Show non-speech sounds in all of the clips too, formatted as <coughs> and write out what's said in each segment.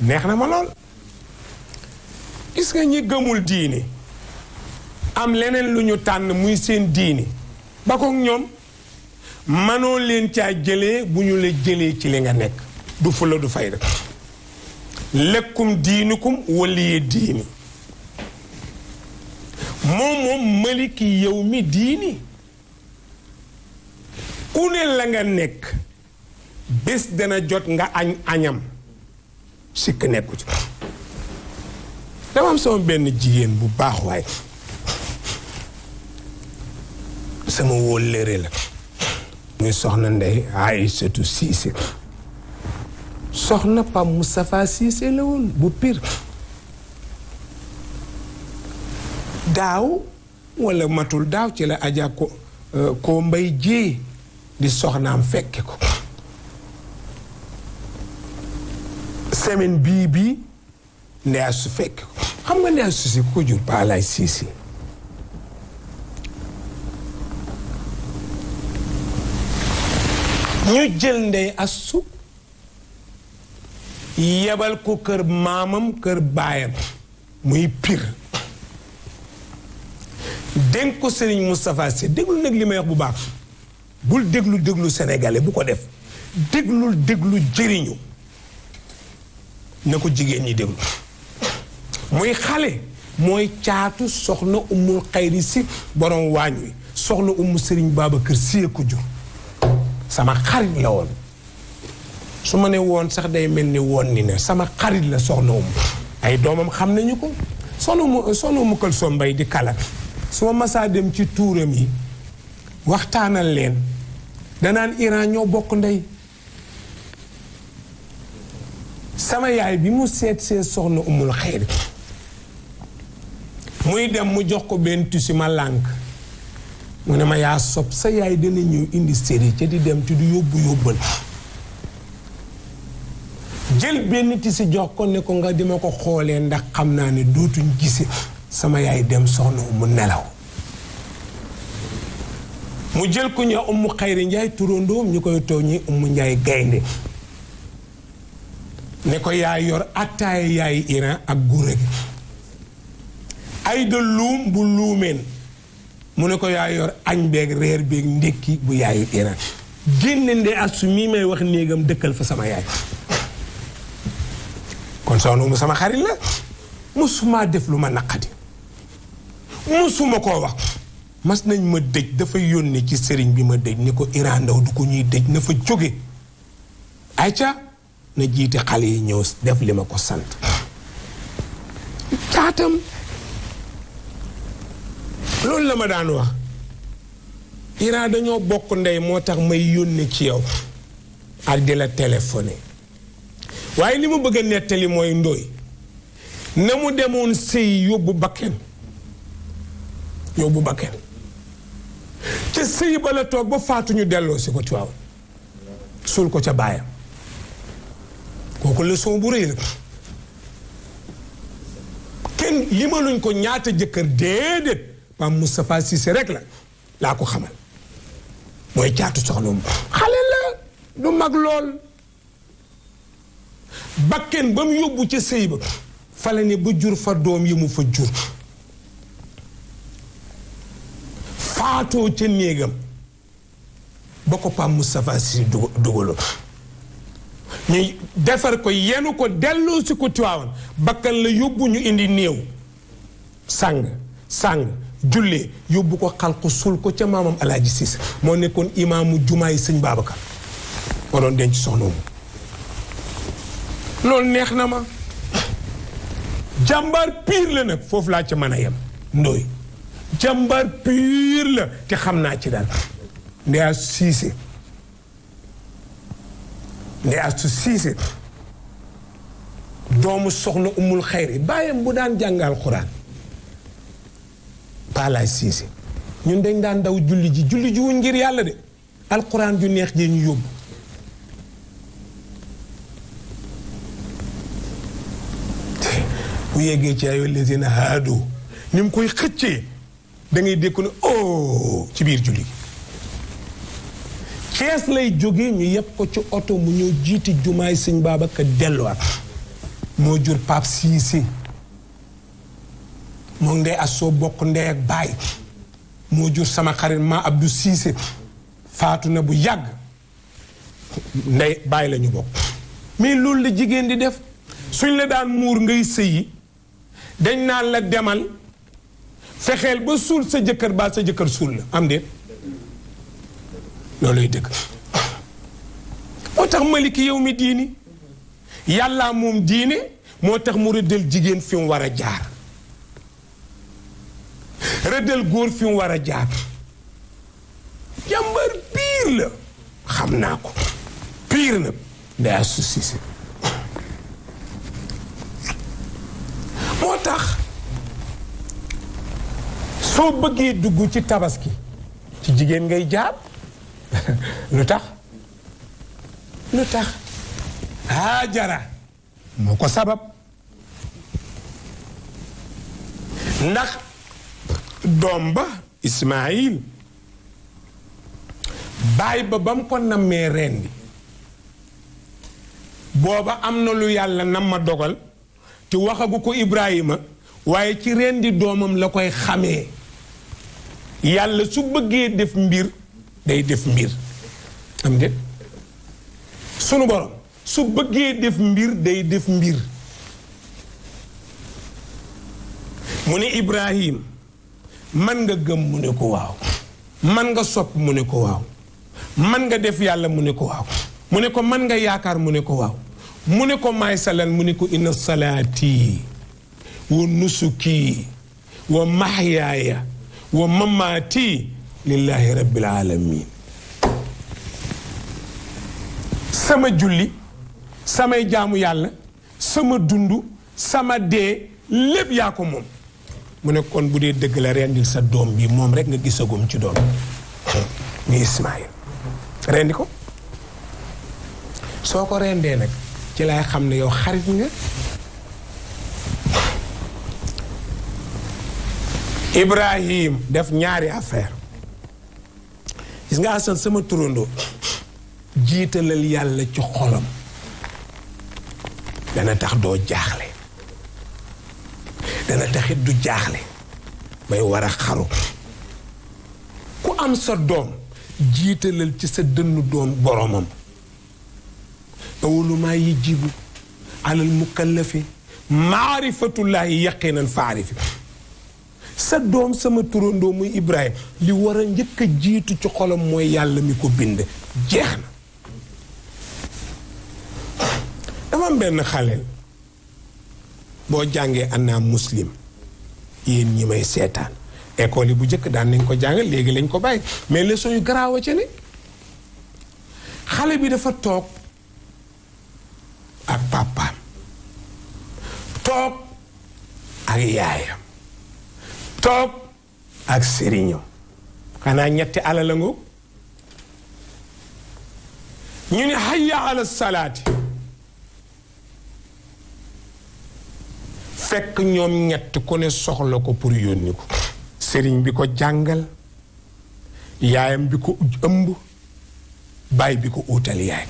neex na ma lool gis nga ñi gëmul diini am leneen lu ñu tànn muy seen diini ba ko ñoom manoo leen caa jëlee bu ñu la jëlee ci li nga nekk du fulla du fayda lekkum diinikum waliye diini moom moom maliki yow mi diini ku ne la nga nekk bés dana jot nga añ añam sikk nekku ci dama sama benn jigéen bu baax waay sama wóllëre la muy soxna ndey Aïssatou Cissé soxna Pape Moustapha Cissé la woon bu piir daaw walla matul daaw ci la aja ko euh, koo mbay jii di soxnaam fekke ko semaine bii bii ndeya fekk xam nga ndeya su si ku ko jur paalaay siisi ñu jël ndey astu yebal ko kër maamam kër baayam muy pir dénk ko Serigne Moustapha Sy déglu nag li may wax bu baax bul déglu déglu sénégalais bu ko def déglul déglu jëriñu na ko jigéen ñi dem muy xale mooy caatu soxna umul xayri si borom waañ wi soxna umu sëriñ Babacar Sy ko jur sama xarit la woon su ma ne woon sax day mel ni woon ni ne sama xarit la soxna umu ay doomam xam nañu ko soxna umu soxna umu kël so mbay di kala su ma masaa dem ci tuuram yi waxtaanal leen danaan Iran ñoo bokk ndey sama yaay bi mu seet see soxna umul xayri muy dem mu jox ko benn tusi ma lànk mu ne ma yaa sob sa yaay dana ñëw indi séri ca di dem ci du yóbbu yóbbal jël ne ko nga dima ko xoolee ndax xam naa ne dootuñ gise sama yaay dem soxna mu nelaw mu jël ko ñu umu xayri njaay turandoom ñu koy tooñ ñi umu njaay gaynde ne ko yaa yor attaaya yaay Iran ak gune ay da luum bu luumeen mu ne ko yaa yor añ beeg reer beeg ndékki bu yaayu Iran génne ndee astu mii may wax néegam dëkkal fa sama yaay kon soxna mu sama xarit la musuma def lu ma naqadi musuma koo wax mas nañ ma dëj dafa yónni ci sëriñ bi ma dëj ni ko Iran ndaw du ko ñuy dëj na fa jóge ayca na jiite xale yi ñëw def li ma ko sant caatam loolu la ma daan wax Ira dañoo bokk ndey moo tax may yónni ci yow ak di la téléphoné waaye li mu bëgg a nettali mooy ndóoy na mu demoon sëy yóbbu bakken yóbbu bakken te sëy ba la toog ba faatuñu delloo si ko ci waaw suul ko ca baayam kooku leçon bu rëy la kenn limaluñ ko ñaata jëkkër déedéet Pape Moustapha Cissé rek la laa ko xamal mooy caatu soxlom xale la du mag lool bakken ba mu yóbbu ca sëy ba fale ne ba jur fa doom yi mu fa jur faatoo ca néegam ba ko Pape Moustapha Cissé dugaloo ñu defar ko yenu ko delloo si ko Tiwaawan bakkal la yóbbu ñu indi néew sàng sàng jullee yóbbu ko xal ko suul ko ca maamam alaaji Siise moo nekkoon imaamu jumaayi sëñ Babacar moo doon denc soxna loolu neex na ma jàmbaar piir la nag foofu laa ca mën a yem ndooy jàmbaar piir la te xam naa ci daal ndeyaa Siise ndey astu siise doomu soxna umul xayri bàyyam bu daan jàngal xuraan paalaay siise ñun dañ daan daw julli ji julli ji wuñ ngir yàlla de alxuraan ju neex jee ñu yóbbu bu yeggee ci ayo lésina haado ni mu koy xëccee da ngay dékku ne o oh, ci biir julli gi Cees lay jóge ñu yëpp ko ci oto mu ñëw jiiti jumaay sëñ Babacar delluwaat moo jur Pape Cissé moo ndey ak soo bokk ndey ak baay moo jur sama xarit ma du Cissé faatu na bu yàgg ndey bàyyi lañu bokk mais loolu la jigéen di def suñ la daan muur ngay sëyi dañ naan la demal fexeel ba suul sa jëkkër ba sa jëkkër suul la am déet looluy dëgg moo tax malik yow mi diini yàlla moom diine moo tax mu rëddal jigéen fi mu war a jaar rëddal góor fi mu war a jaar jàmbar piir la xam naa ko piir na day associé moo tax soo bëggee dugg ci tabaski ci jigéen ngay jaar <laughs> lu tax lu tax Haajara moo ko sabab ndax doom ba Ismaayil baay ba ba mu ko nammee reen booba am na lu yàlla nam ma dogal te waxagu ko Ibrahima waaye ci reen doomam la koy xamee yàlla su bëggee def mbir day def mbir am déet sunu su bëggee def mbir day def mbir mu ne Ibrahim man nga gëm mu ne ko waaw man nga sopp mu ne ko waaw man nga def yàlla mu ne ko waaw mu ne ko man nga yaakaar mu ne ko waaw mu ne ko maay mu ne ko inna salaati wa nusuki wa mahyaaya wa mamaati lillahi rabbil alamin sama julli samay jaamu yàlla sama dund sama dee lépp yaa ko moom mu ne kon bu dee dëgg la rendil sa doom bi moom rek nga gisagum ci doom muy <coughs> Ismaayil rendi ko soo ko rendee nag ci lay xam ne yow xarit nga Ibrahim def ñaari affaire gis nga Assane sama turandoo jiitalal yàlla ci xolam dana tax doo jaaxle dana taxit du jaaxle bay war a xaru ku am sa doom jiitalal ci sa dënnu doom boromam awalu maa yi jibu alal mukallafi maarifatullahi yaqinan faarifi sa doom sama turandoo muy Ibrahima li war a njëkk a jiitu ci xolam mooy yàlla mi ko bind jeex na dama am benn xaleel boo jàngee annaam muslim yéen ñi may seetaan école yi bu njëkk daan nañ ko jàng léegi lañ ko bàyyi mais leçon yu garaaw a ca ne xale bi dafa toog ak papaam toog ak yaayam toog ak sëriñam xanaa ñetti ala ngoog ñu ne hayya ala salaati fekk ñoom ñett ku soxla ko pour yónni ko sëriñ bi ko jàngal yaayam bi ko ëmb baay bi ko uutal yaay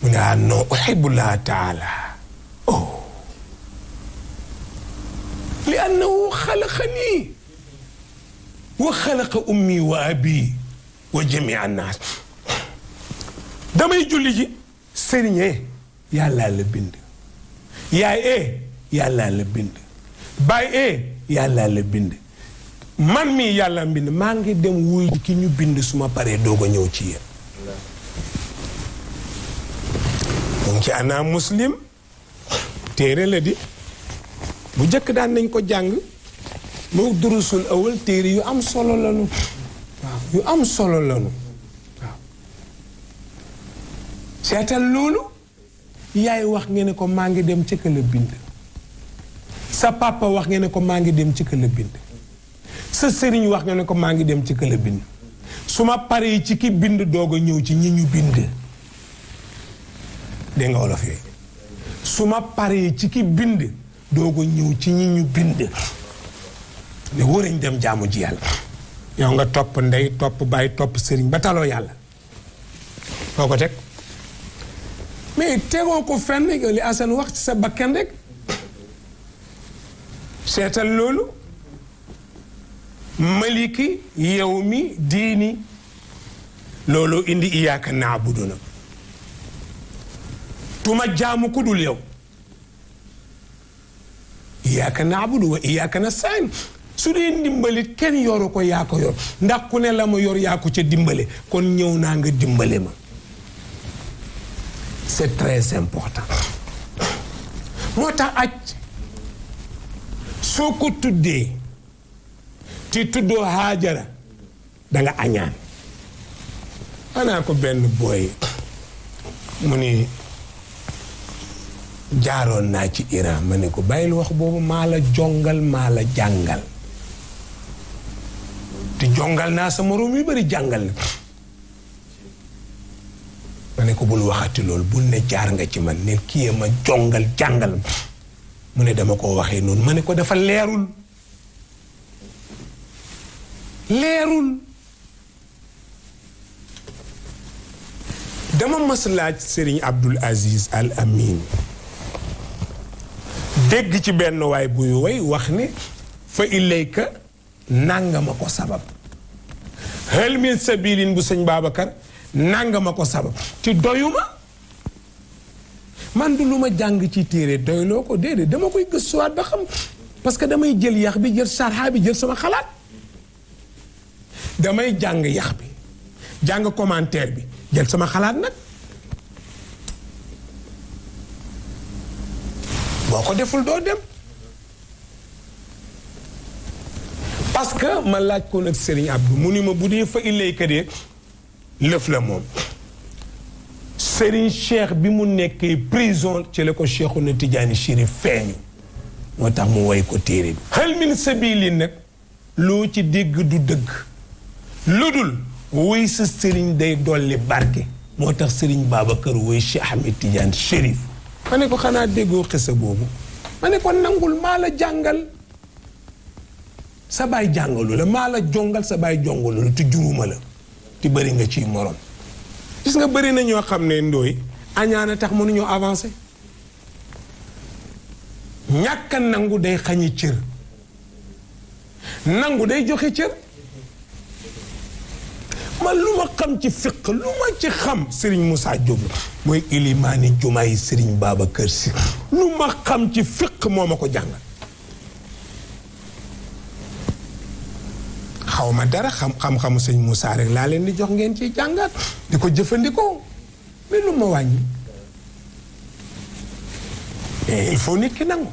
mu ne ah non uhibbu laa taala li annahu xalaqanii wa xalaqa ummi wa abi wa jamii annaas damay julli ji sëriñee yàllaa la bind yaay ee la bind baay ee la bind man mii yàlla bind maa ngi dem wuy ki ñu bind suma paree doog ñëw ci yéen mu anaa muslim téere la di bu njëkk daan nañ ko jàng moo durusul awal téere yu am solo lanu yu am solo lanu waaw seetal loolu yaay wax ngeen ne ko maa ngi dem ci këla bind sa wax ngeen ne ko maa ngi dem ci këla bind sa sëriñ wax nga ne ko maa ngi dem ci këla bind su ma paree ci ki bind doog a ñëw ci ñi ñu bind dégg nga wolof su ma paree ci ki bind doog a ñëw ci ñi ñu bind ne warañ dem jaamu ji yàlla yow nga topp ndey topp bàyyi topp sëriñ ba taloo yàlla foo ko teg mais tegoo ko fenn li Assane wax ci sa bakkan rek seetal loolu maliki yow mi diini loolu indi iyaaka naabudu na tuma jaamu ku dul yow iyyaka na'budu wa iyyaka nasta'in su dee ndimbalit kenn yoru ko yaa ko yor ndax ku ne la ma yor yaa ko ca dimbale kon ñëw naa nga dimbali ma c'est très important moo tax aj soo ko tuddee te tuddoo Haajara danga añaan anaa ko benn booy mu jaaroon naa ci Iran ma ne ko bàyyil wax boobu maa la jongal maa la jàngal te jongal naa sa moroom yu bari jàngal na ma ne ko bul waxati loolu bul ne jaar nga ci man ne kii ma jongal jàngal mu ne dama ko waxee noonu ma ne ko dafa leerul leerul dama mas laaj Serigne Abdul Aziz Al dégg ci benn waay buy woy wax ni fa ilayka nangama ko sabab hal min sabilin bu sëñ Babacar nangama ko sabab ci doyuma man du lu ma jàng ci téere doyloo ko déedéet dama koy gëstuwaat ba xam parce que damay jël yax bi jël sarxa bi jël sama xalaat damay jàng yax bi jàng commentaire bi jël sama xalaat nag boo ko deful doo dem parce que ma laaj ko nag Serigne Abdou mu ni ma bu dee fa illayka de lëf la moom Serigne Cheikh bi mu nekkee prison ci la ko Cheikhouna Tidiane Chérif feeñu moo tax mu woy ko téere bi hal min sabilin nag loo ci dégg du dëgg lu dul woy sa Serigne day dolli barke moo tax Serigne kër woy Cheikh Ahmed Tidiane Chérif ma ko xanaa déggoo xisa boobu ma ne ko nangul maa la jàngal sa baay jàngalu la maa la jongal sa baay jongalu la te juruma la te bari nga ciy morom gis nga bëri na ñoo xam ne ndooy añaana tax mënuñoo avancé ñàkk nangu day xañi cër nangu day joxe cër man lu ma xam ci fiq lu ma ci xam Serigne Moussa Diop mooy ilimaani jumaa yi Serigne Babacar Sy lu ma xam ci fiq moo ma ko jàngal xaw ma dara xam-xam-xamu sëñ Moussa rek laa leen di jox ngeen ci jàngat di ko jëfandikoo mais lu ma wàññi il faut nit nangu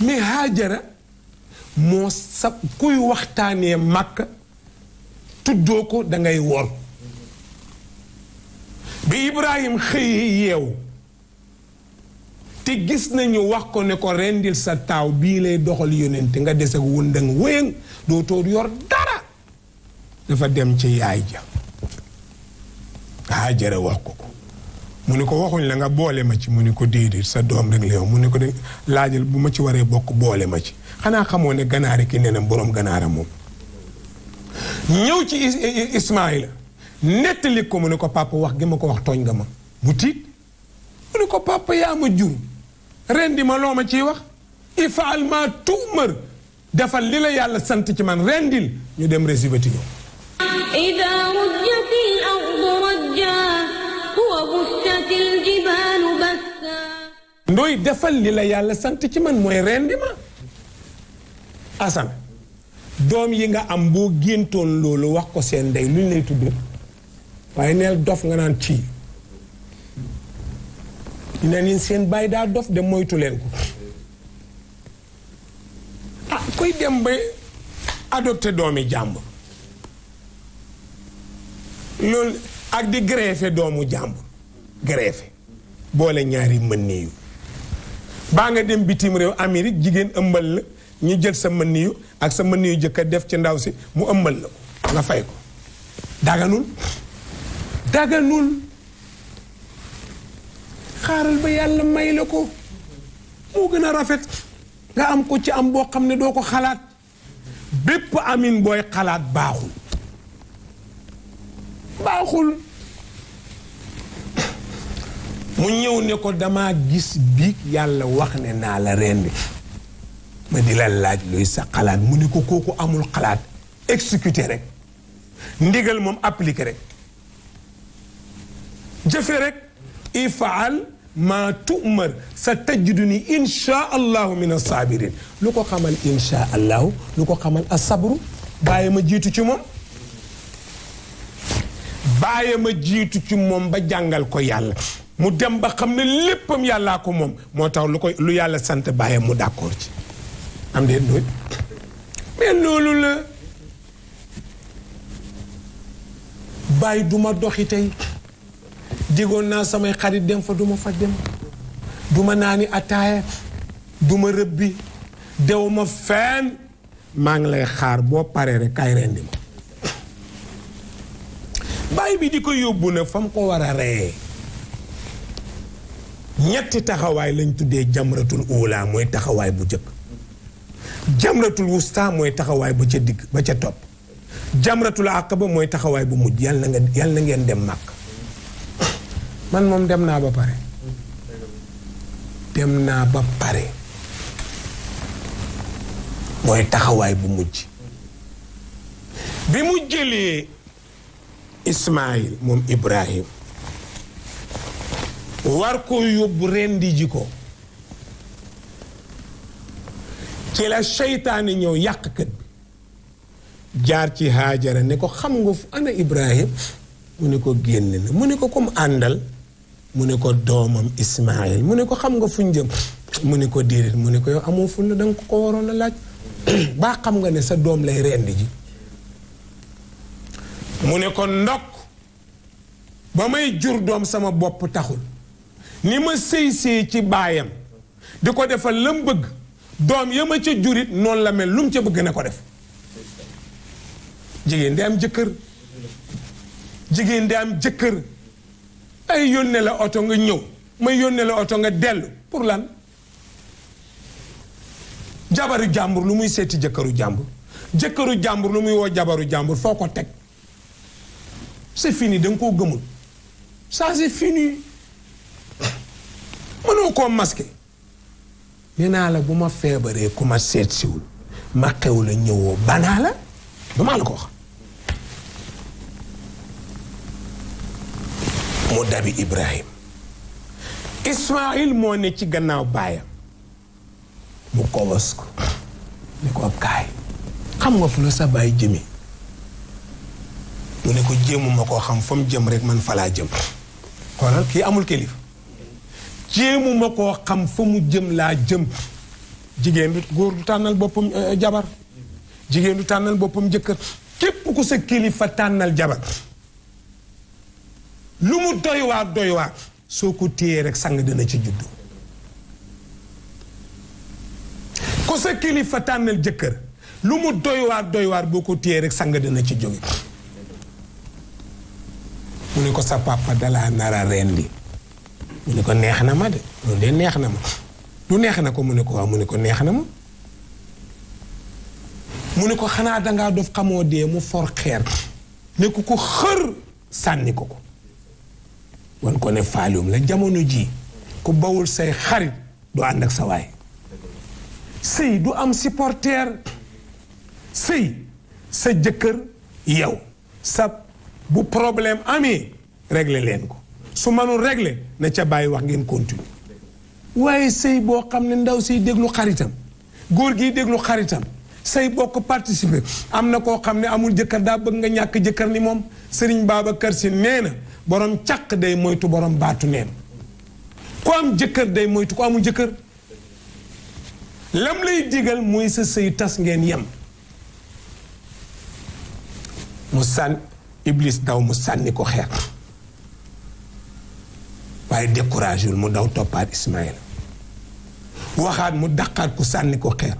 mais Haajara moo sa kuy waxtaanee màkk tuddoo ko da ngay wor bi Ibrahim xëy yeew te gis nañu wax ko ne ko rendil sa taaw bii lay doxal yonent nga dese wëndëng wëyëng doo toog yor dara dafa dem ci yaay ja Haajara wax ko ko mu ne ko waxuñ la nga boole ma ci mu ne ko déedéet sa doom rek la mu ne ko de laajal bu ma ci waree bokk boole ma ci xanaa xamoo ne ganaari ki nenam boroom ganaara moom ñëw ci la nettali ko mu ne ko papa wax gi ma ko wax tooñ nga ma bu tiit mu ne ko papa yaa ma jur rendi ma loo ma ciy wax ifaal ma tuumar defal li la yàlla sant ci man rendil ñu dem résibati ñoom ida rujjat al ardu rajja wa buttat al jibaalu batta ndooy defal li la yàlla sant ci man mooy rendi ma asan doom yi nga am boo géntoon loolu wax ko seen ndey luñ lay tudd waaye neel dof nga naan ci ne leen seen bàyyi daa dof de moytu leen ko ah koy dem ba adopté doomi jàmbur loolu ak di greffé doomu jàmbur greffé boole ñaari mën nii yu baa nga dem bitim réew Amérique jigéen ëmbal la ñu jël sa mën niyu ak sa mën niyu jëkka def ci ndaw si mu ëmbal la ko nga fay ko daganul daganul xaaral ba yàlla may la ko moo gën a rafet nga am ko ci am boo xam ne doo ko xalaat bépp amin booy xalaat baaxul baaxul mu ñëw ne ko dama gis biig yàlla wax ne naa la rendi ma di la laaj luy sa xalaat mu ni ko kooku amul xalaat exécuter rek ndigal moom applike rek jëfe rek ifaal ma tumar sa tajiduni insha allahu min asaabirin lu ko xamal insha lu ko xamal asabru bàyyi ma jiitu ci moom bàyyi ma jiitu ci moom ba jàngal ko yàlla mu dem ba xam ne léppam yàllaa ko moom moo tax lu ko lu yàlla sant bàyyi mu d'accord ci am déet nuy mais loolu la bàyyi duma doxi tey digoon naa samay xarit dem fa duma fa dem duma naani ataaya duma rëbbi dew ma maa ngi lay xaar boo paree rek kaay rendi ma bàyyi bi di ko yóbbu na fa mu ko war a reyee ñetti taxawaay lañ tuddee jamratul uulaa mooy taxawaay bu jëkk jamratul wusta mooy taxawaay ba ca digg ba ca topp jamratul ba mooy taxawaay bu mujj yàlla nga yàlla na ngeen dem màkk man moom dem naa ba pare dem naa ba pare mooy taxawaay bu mujj bi mu jëlee Ismaayil moom Ibrahim war ko yóbbu rendi ji ko ci la seytaane ñëw yàqkat bi jaar ci haajara ne ko xam nga fu ana ibrahim mu ne ko génne na mu ne ko comme àndal mu ne ko doomam ismail mu ne ko xam nga fuñ jëm mu ne ko déedéet mu ne ko yow amoo ful na danga ko ko waroon a laaj <clears throat> baa xam nga ne sa doom lay rend ji mu ne ko ndokk ba may jur doom sama bopp taxul ni ma sëy sëy ci baayam di ko defal lam bëgg doom ya ma ca jurit noonu la mel lum mu ca bëgg na ko def jigéen di am jëkkër jigéen di am jëkkër ay yónnee la oto nga ñëw may yónnee la oto nga dellu pour lan jabaru jàmbur lu muy seeti jëkkëru jàmbur jëkkëru jàmbur lu muy woo jabaru jàmbur foo ko teg c'est fini da koo gëmul ça c'est fini mënoo koo masqué nee naa la bu ma feebaree ku ma seet ma xew la ñëwoo banaa la du maa la ko wax mu dabi Ibrahim Ismaïl moo ne ci gannaaw baayam mu kobos ko ne ko kaay xam nga fu la sa baay jëmi mu ne ko jéemuma koo xam fa mu jëm rek man falaa jëm xoolal kii amul kilifa jéemu koo xam fa mu jëm laa jëm jigéen du góor du tànnal boppam euh, euh, jabar jigéen du tànnal boppam jëkkër képp ku sa kilifa tànnal jabar lu mu doy waa soo ko téyee rek sang ci juddu ku sa kilifa tànnal jëkkër lu mu doy waar boo ko téyee rek sang dina ci jóge mu ne ko sa papa dalaa nara rendi mu ne ko neex na ma de loolu de neex na ma lu neex na ko mu ne ko mu ne ko neex na ma mu ne ko xanaa dangaa dof xamoo dee mu for xeer ne ku ko xër sànni ko ko wan ko ne faaliwum la jamono jii ku bawul say xarit doo ànd ak sa waay sëy du am supporter sëy sa jëkkër yow sa bu problème amee réglé leen ko su mënul regle na ca bàyyi wax ngeen continue waaye sëy boo xam ne ndaw siy déglu xaritam góor gi déglu xaritam say bokk participer am na koo xam ne amul jëkkër daa bëgg nga ñàkk jëkkër ni moom Serigne Babacar Sy nee na borom càq day moytu borom baatu neen ku am jëkkër day moytu ku amul jëkkër lam lay digal mooy sa sëy tas ngeen yem mu sànn Iblis daw mu sànni ko xeer waaye découragé mu daw toppaat Ismaïl waxaat mu daqaat ku sànni ko xeer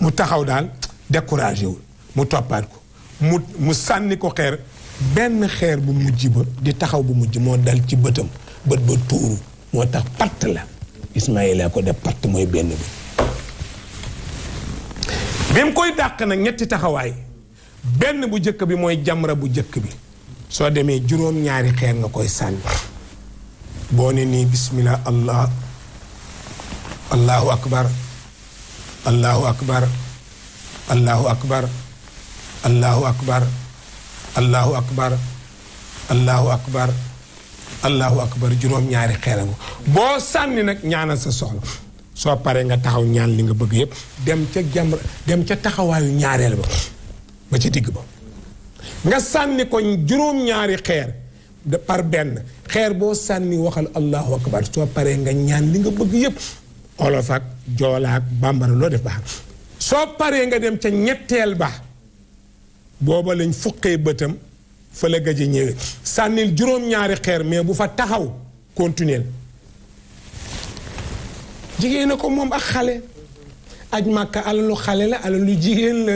mu taxaw daal découragé wul mu toppaat ko mu mu sànni ko xeer benn xeer bu mujj ba di taxaw bu mujj moo dal ci bëtam bët ba tuuru moo tax patt la Ismaïla ko def patt mooy benn bi bi mu koy dàq nag ñetti taxawaay benn bu jëkk bi mooy jamra bu jëkk bi soo demee juróom-ñaari xeer nga koy sànni boo ne nii bismillah allah allahu akbar allahu akbar allahu akbar allahu akbar allahu akbar allahu akbar allahu akbar juróom-ñaari xeerangu boo sànni nag ñaanal sa soxla soo paree nga taxaw ñaan li nga bëgg yépp dem ca jam dem ca taxawaayu ñaareel ba ba ci digg ba nga sànni ko juróom-ñaari xeer de par benn xeer boo sànni waxal allahu akbar soo paree nga ñaan li nga bëgg yépp olof ak joola ak bambara loo def baax soo paree nga dem ca ñetteel ba booba lañ fuqee bëtam fa la gaje ñëwee sànnil juróom-ñaari xeer mais bu fa taxaw continuel jigéen a ko moom ak xale ak makk alalu xale la alalu jigéen la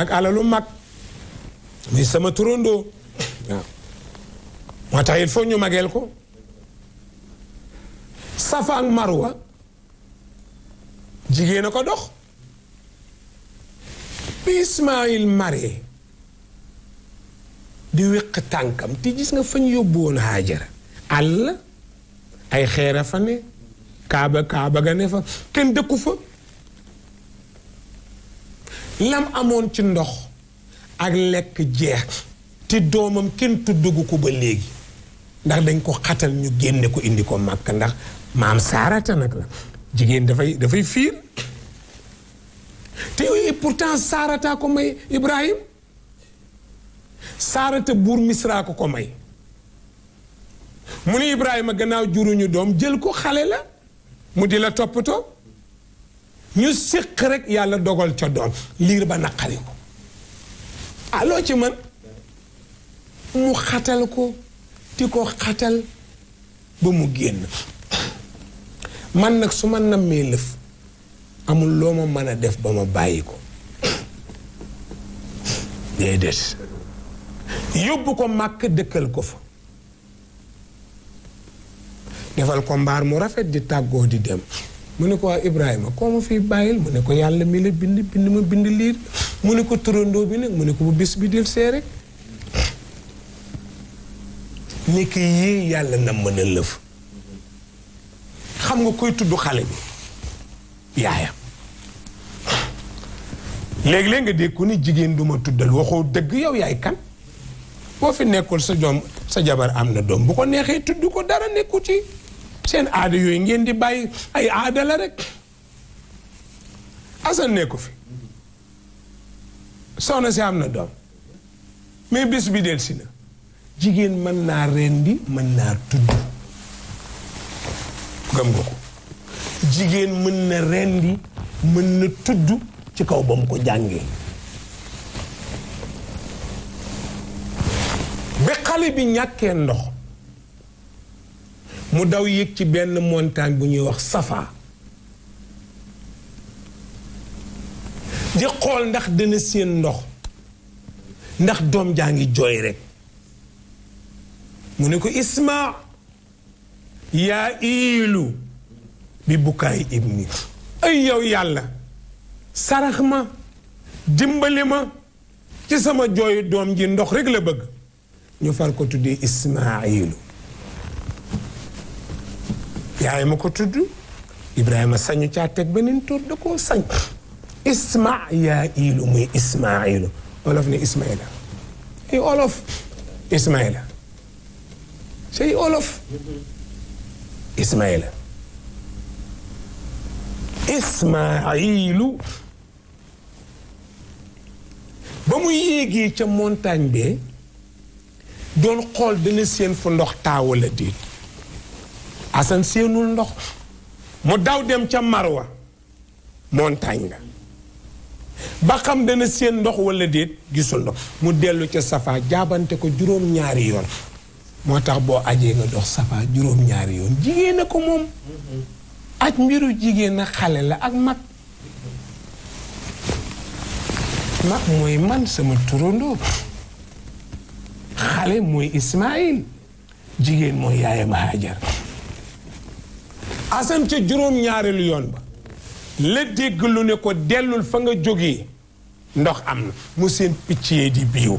ak alalu mag muy sama turandoo moo tax il faut ñu mageel ko safa marwa jigéen a ko dox bi Ismaïl mare di wéq tànkam te gis nga fañ ñu yóbbu woon Haajara àll ay xeera fa ne kaaba kaaba ga ne fa kenn dëkku fa lam amoon ci ndox ak lekk jeex te doomam kenn tuddugu ko ba léegi ndax dañ ko xatal ñu génne ko indi ko màkk ndax maam saarata nag la jigéen dafay dafay fiir te et pourtant saarata ko may Ibrahim saarata buur misra ko ko may mu ne Ibrahima gannaaw juruñu doom jël ko xale la mu di la toppatoo ñu sëq rek yàlla dogal ca doom liir ba naqari ko aloo ah, ci man mu xatal ko di ko xatal ba mu génn man nag su ma nammee lëf amul loo ma mën a def ba ma bàyyi ko déedéet yóbbu ko màkk dëkkal ko fa defal ko mbaar mu rafet di tàggoo di dem mu ne ko waa Ibrahima koo ma fiy bàyyil mu ne ko yàlla mi la bind bind ma bind liir mu ne ko turandoo bi nag mu ne ko bu bis bi del see rek nekk yii yàlla na mën a lëf xam nga koy tudd xale bi yaayam léeg-léeg nga dégg ku ne jigéen du ma tuddal waxoo dëgg yow yaay kan boo fi nekkul sa doom sa jabar am na doom bu ko neexee tudd ko dara nekku ci seen aada yooyu ngeen di bàyyi ay aadala rek Assane nekku fi soxna si am na doom mais bés bi si na jigéen mën naa rendi mën naa tudd gëm ko jigéen mën na rendi mën na tudd ci kaw ba mu ko jàngee bi xale bi ñàkkee ndox mu daw yéeg ci benn montagne bu ñuy wax Safa di xool ndax dina seen ndox ndax doom jaa ngi jooy rekk mu ne ko isma yaa iilu bi bukkaay ibni ay yow yàlla sarax ma dimbali ma ci sama jooyu doom ji ndox rek la bëgg ñu far ko tuddee ismailu yaay ma ko tudd ibrahima sañu caa teg beneen tur da koo sañ isma yaa iilu muy ismailu olof ne ismaila ay olof ismaila tey olof ismaila ismailu ba mu yéegee ca montagne bee doon xool dana séen ndox taawala déet asan séenul ndox mu daw dem ca marwa xam dana seen ndox walla déet gisul ndox mu dellu ca safa jaabante ko juróom ñaari yoon moo tax boo ajee nga dox safaa juróom-ñaari yoon jigéen a ko moom aj mbiru jigéen a xale la ak mag mag mooy man sama turandoo xale mooy Ismaïl jigéen mooy yaayam Hajar asam ca juróom-ñaareelu yoon ba la dégg lu ne ko dellul fa nga jógee ndox am na mu seen picc yee di biiw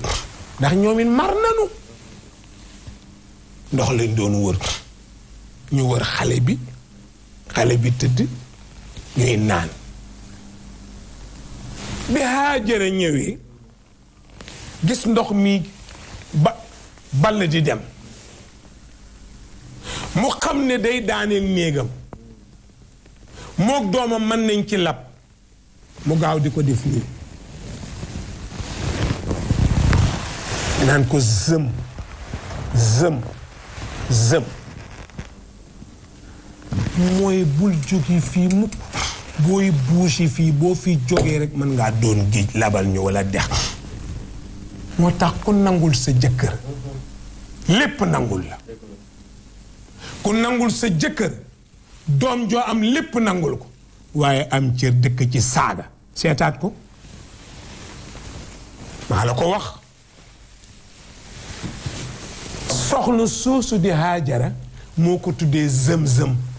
ndax ñoom mar nanu ndox lañ doon wër ñu wër xale bi xale bi tëdd ñuy naan bi Haajara ñëwee gis ndox mi ba ball di dem mu xam ne day daaneel néegam mook doomam mën nañ ci lab mu gaaw di ko def nii naan ko zëm zëm zëm mooy bul jógi fii mukk booy buusi fii boo fi jógee rekk mën ngaa doon géej labal ñu wala dex moo tax ku nangul sa jëkkër lépp nangul la ku nangul sa jëkkër doom joo am lépp nangul ko waaye am cër dëkk ci saaga seetaat ko maa la ko wax soxna soosu di haajara moo ko tuddee zëm-zëm